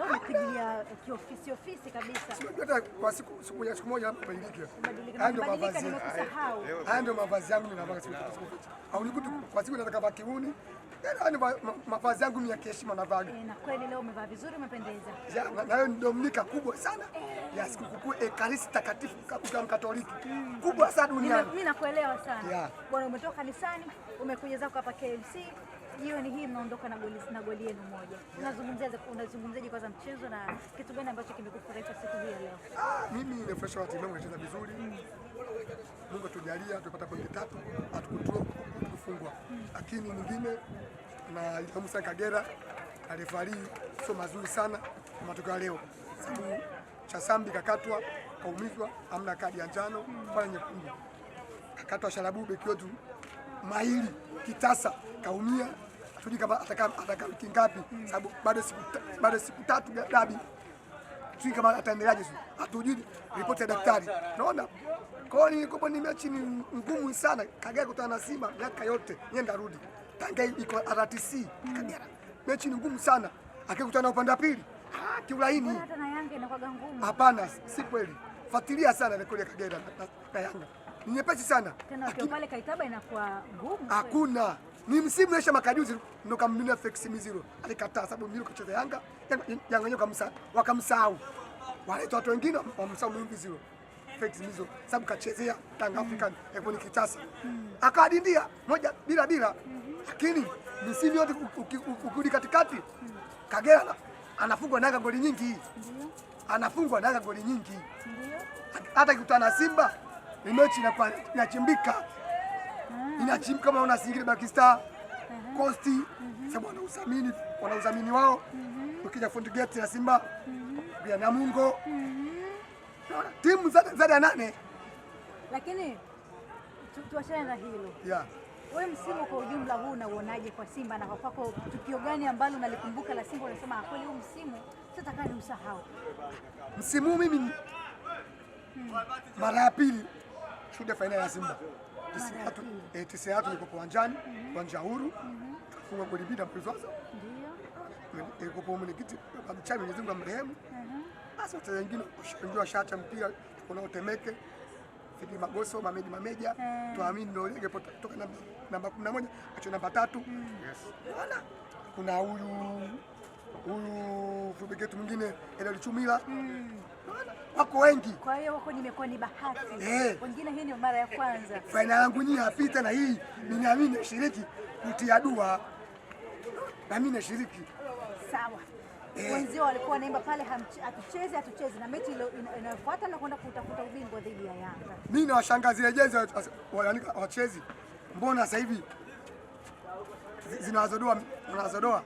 leo umepigilia kiofisi kwa siku moja Haya ndio mavazi yangu ninavaa kwa siku nataka vaa kiuni. Yaani mavazi yangu ya heshima eh, na vaga. Na umevaa vizuri umependeza. Ja, na ni Dominika kubwa sana ya sikukuu Ekaristi takatifu kwa Mkatoliki. Kubwa sana duniani. Mimi nakuelewa sana. Bwana umetoka kanisani, umekuja zako hapa KMC jioni hii mnaondoka na goli na goli yenu moja. Unazungumziaje, unazungumziaje kwanza mchezo na kitu gani ambacho kimekufurahisha siku hii leo? Mimi fresh out yangu inacheza vizuri. Mm. Mungu atujalia tupata pointi tatu, kufungwa mm. Lakini nyingine na Musa Kagera alifari sio mazuri sana matokeo leo. Sababu cha Sambi kakatwa, kaumizwa, amna kadi ya njano mm. pale nyekundu. Kakatwa Sharabu beki wetu maili kitasa kaumia, hatujui kama atakaa wiki ngapi, sababu bado siku bado siku tatu dabi, hatujui kama ataendeleaje, hatujui ripoti ya daktari. Unaona, kwa hiyo nilikuwa ni mechi ni ngumu sana. Kagera kutana na Simba miaka yote, nenda rudi Tanga iko RTC Kagera, mechi ni ngumu sana, akikutana upande wa pili ah, kiulaini. Hapana, si kweli. Fuatilia sana rekodi ya Kagera na Yanga ni nyepesi sana, hakuna ni msimu naisha makajuzi ndo kamnunia Felix Miziro. Alikataa sababu Miziro kacheza Yanga, Yanga nyoka msa wakamsahau. Wale watu wengine wamsahau Miziro. Felix Miziro sababu kachezea Tanga African Ekoni Kitasa. Mm-hmm. Akadindia moja bila bila. Lakini msimu yote ukirudi katikati mm-hmm. Kagera anafungwa nanga goli nyingi. Anafungwa nanga goli nyingi. Hata kikutana na Simba ni mechi inachimbika inachimba kama una singili Black Star Costi uh-huh. uh-huh. sababu wana wanaudhamini wao, uh-huh. ukija Fort Gate na Simba pia Namungo timu zaidi ya nane, lakini tuachane na hilo yeah. Wewe msimu kwa ujumla huu unauonaje kwa Simba na kwako, tukio gani ambalo unalikumbuka la Simba unasema ah, kweli huu msimu sitakaa ni msahau? Msimu mimi mara ya pili shuhudia fainali ya Simba tisa yatu niko uwanjani kwa njia huru tukafunga goli bila mpizwaza ndio iko kwa kiti kwa mchami Mwenyezi Mungu amrehemu. Uh-huh. Basi watu wengine washangiwa shata mpira kuna utemeke Fidi Magoso Mamedi Mameja eh. tuamini ndio lege kutoka namba 11 acho namba 3 mm. yes, unaona kuna huyu huyu fubeketu mwingine Eliud Chumila unaona mm wako wengi, kwa hiyo wako nimekuwa ni bahati eh. Wengine hii ni mara ya kwanza. Faina yangu nyinyi hapita na hii ninaamini nashiriki kutia dua na mimi nashiriki. Sawa. Eh. Wenzio walikuwa naimba pale hatucheze, hatucheze na mechi inayofuata na kwenda kutafuta ubingwa dhidi ya Yanga. Mimi nawashangazia jezi wachezi, mbona sasa hivi zinazodoa zinazodoa,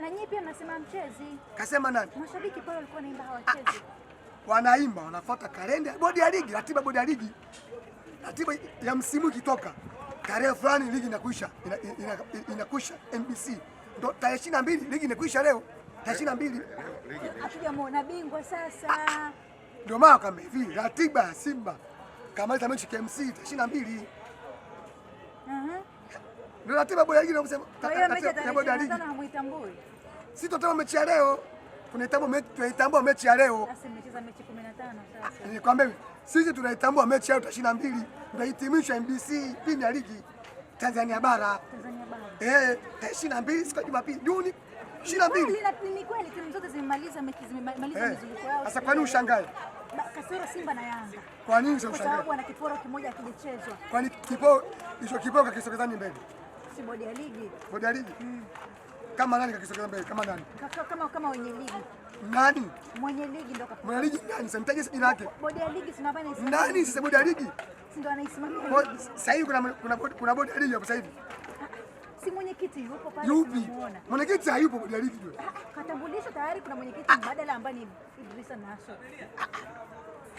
Na nyinyi pia mnasema mchezi, kasema nani? Mashabiki pale walikuwa naimba ah, ah. hawachezi wanaimba wanafuata kalenda bodi ya ligi, ratiba bodi ya ligi, ratiba ya msimu ikitoka tarehe fulani ligi inakwisha, ina, ina, inakuisha NBC ndo tarehe ishirini na mbili ligi inakwisha Leo tarehe ishirini na mbili hatujamuona bingwa sasa, ah, ndio maana kama hivi ratiba ya Simba kama ita mechi KMC tarehe ishirini na mbili ndio ratiba bodi ya ligi, na kusema bodi ya ligi sitotema mechi ya leo tunaitambua mechi, tunaitambua mechi ya leo. Sasa mmecheza mechi 15 sasa. Ah, Nikwambia sisi tunaitambua mechi ya leo tarehe 22 tunahitimisha MBC Premier League Tanzania bara. Tanzania bara. Eh, tarehe 22 siku ya Jumapili Juni 22. Ni kweli timu zote zimemaliza mechi zimemaliza eh, mizunguko yao. Sasa kwa nini ushangae? Kasoro Simba na Yanga. Kwa nini ushangae? Kwa sababu ana kiporo kimoja Kwa Kwani kiporo hicho kiporo kakisogezani mbele? Si bodi ya ligi. Bodi ya ligi. Mm. Kama nani kakisogeza mbele? Kama nani? Kama kama wenye ligi. Nani? Mwenye ligi ndo kapata. Mwenye ligi nani? Sasa mtaje jina lake. Bodi ya ligi si nabana Nani sasa bodi ya ligi? Si ndio anaisimamia. Sasa hivi kuna kuna bodi kuna bodi ya ligi hapo sasa hivi. Si mwenyekiti yupo pale. Yupi? Mwenyekiti hayupo bodi ya ligi yule. Ah, ah, katambulisho tayari kuna mwenyekiti ah, mbadala ambaye ni Idrisa Naso.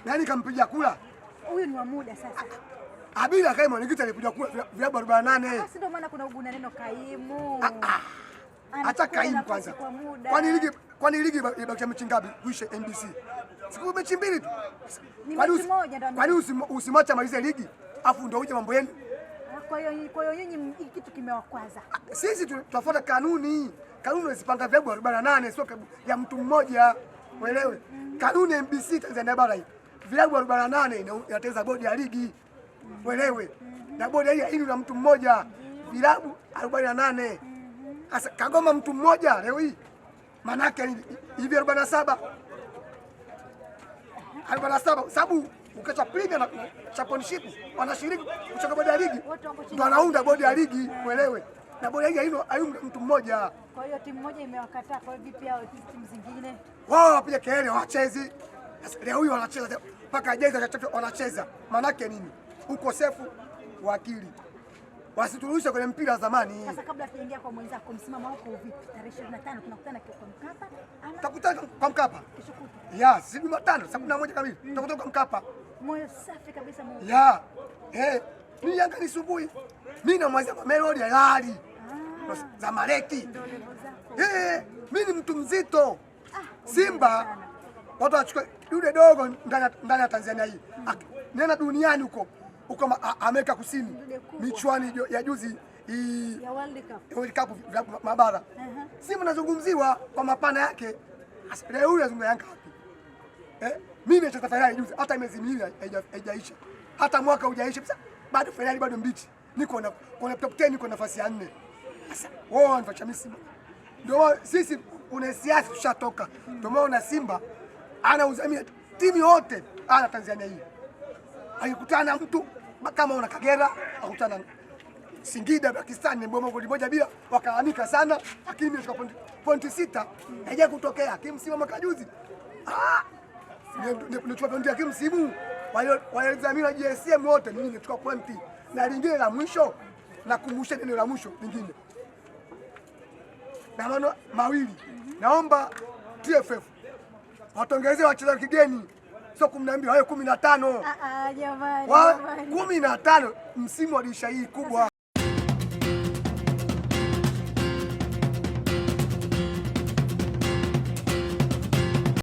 Nani kampiga kula? Huyu ni wa muda sasa. Abila kaimu, mwenyekiti lipuja kuwa vya 48. Sasa ndio maana kuna ugu na neno kaimu hata kaimu kwanza. Kwani ligi kwani ligi ibakisha mechi ngapi kuishe NBC? Siku mechi mbili tu. Kwani usimwache amalize ligi afu ndio uje mambo yenu. Ah, kwa hiyo kwa hiyo nyinyi kitu kimewakwaza. Ah, sisi tunafuata kanuni. Kanuni unazipanga vyebu 48 sio ya mtu mmoja. Uelewe. Mm. Kanuni NBC Tanzania bara hii. Vilabu 48 inateza bodi ya ligi. Mm. Uelewe. Mm. Na bodi hii haini na mtu mmoja. Vilabu 48. Asa, kagoma mtu mmoja leo hii manake hivi 47 47, sababu premier na championship wanashiriki kuchoka bodi ya ligi, ndo anaunda bodi ya ligi uelewe, na bodi ya ligi hilo hayu mtu mmoja. Kwa hiyo timu moja imewakataa, kwa hiyo vipi hao timu zingine wao wapiga kelele wachezi? Leo huyu wanacheza mpaka jezi wanacheza, manake nini? Ukosefu wa akili basi wasiturudishe kwenye mpira wa zamani. Sasa kabla tujaingia kwa mwenzako, msimamo wako vipi? Tarehe 25 tunakutana kwa Mkapa, ama tutakutana kwa Mkapa kesho kutwa, si Jumatano saa kumi na moja kamili tutakutana kwa Mkapa. Moyo safi kabisa moyo. Ya. Eh, ni Yanga ni subuhi. Mimi na mwanzo wa Melody halali. Ah. Za Maleki. Eh, mimi ni mtu mzito. Ah, Simba watu wachukue yule dogo ndani ya Tanzania hii. Mm. Nena duniani huko huko Amerika Kusini, michuani ya juzi i World Cup World vya mabara uh-huh. Simba nazungumziwa kwa mapana yake. Leo huyu azungumza Yanga wapi? Eh, mimi nimecheza fainali juzi, hata miezi miwili haijaisha, hata mwaka hujaisha, bado fainali bado mbichi, niko na kwenye top 10 niko nafasi ya 4. Sasa wao wanafanya mimi Simba, ndio sisi kuna siasa tushatoka, ndio maana Simba anauzamia timu yote ana Tanzania hii, akikutana mtu kama una Kagera akutana Singida Pakistan ni bomo goli moja bila, wakalalamika sana, lakini mimi nikachukua pointi, pointi sita haija kutokea kimsimu mwaka juzi. Ah, nilichukua pointi ya kimsimu wale wale zamira wote, mimi nilichukua pointi. Na lingine la mwisho nakumbusha neno la mwisho lingine na maneno mawili, naomba TFF watongezee wachezaji kigeni sio kumi na mbili hayo kumi na tano ah, ah, kumi na tano msimu wa dirisha hii kubwa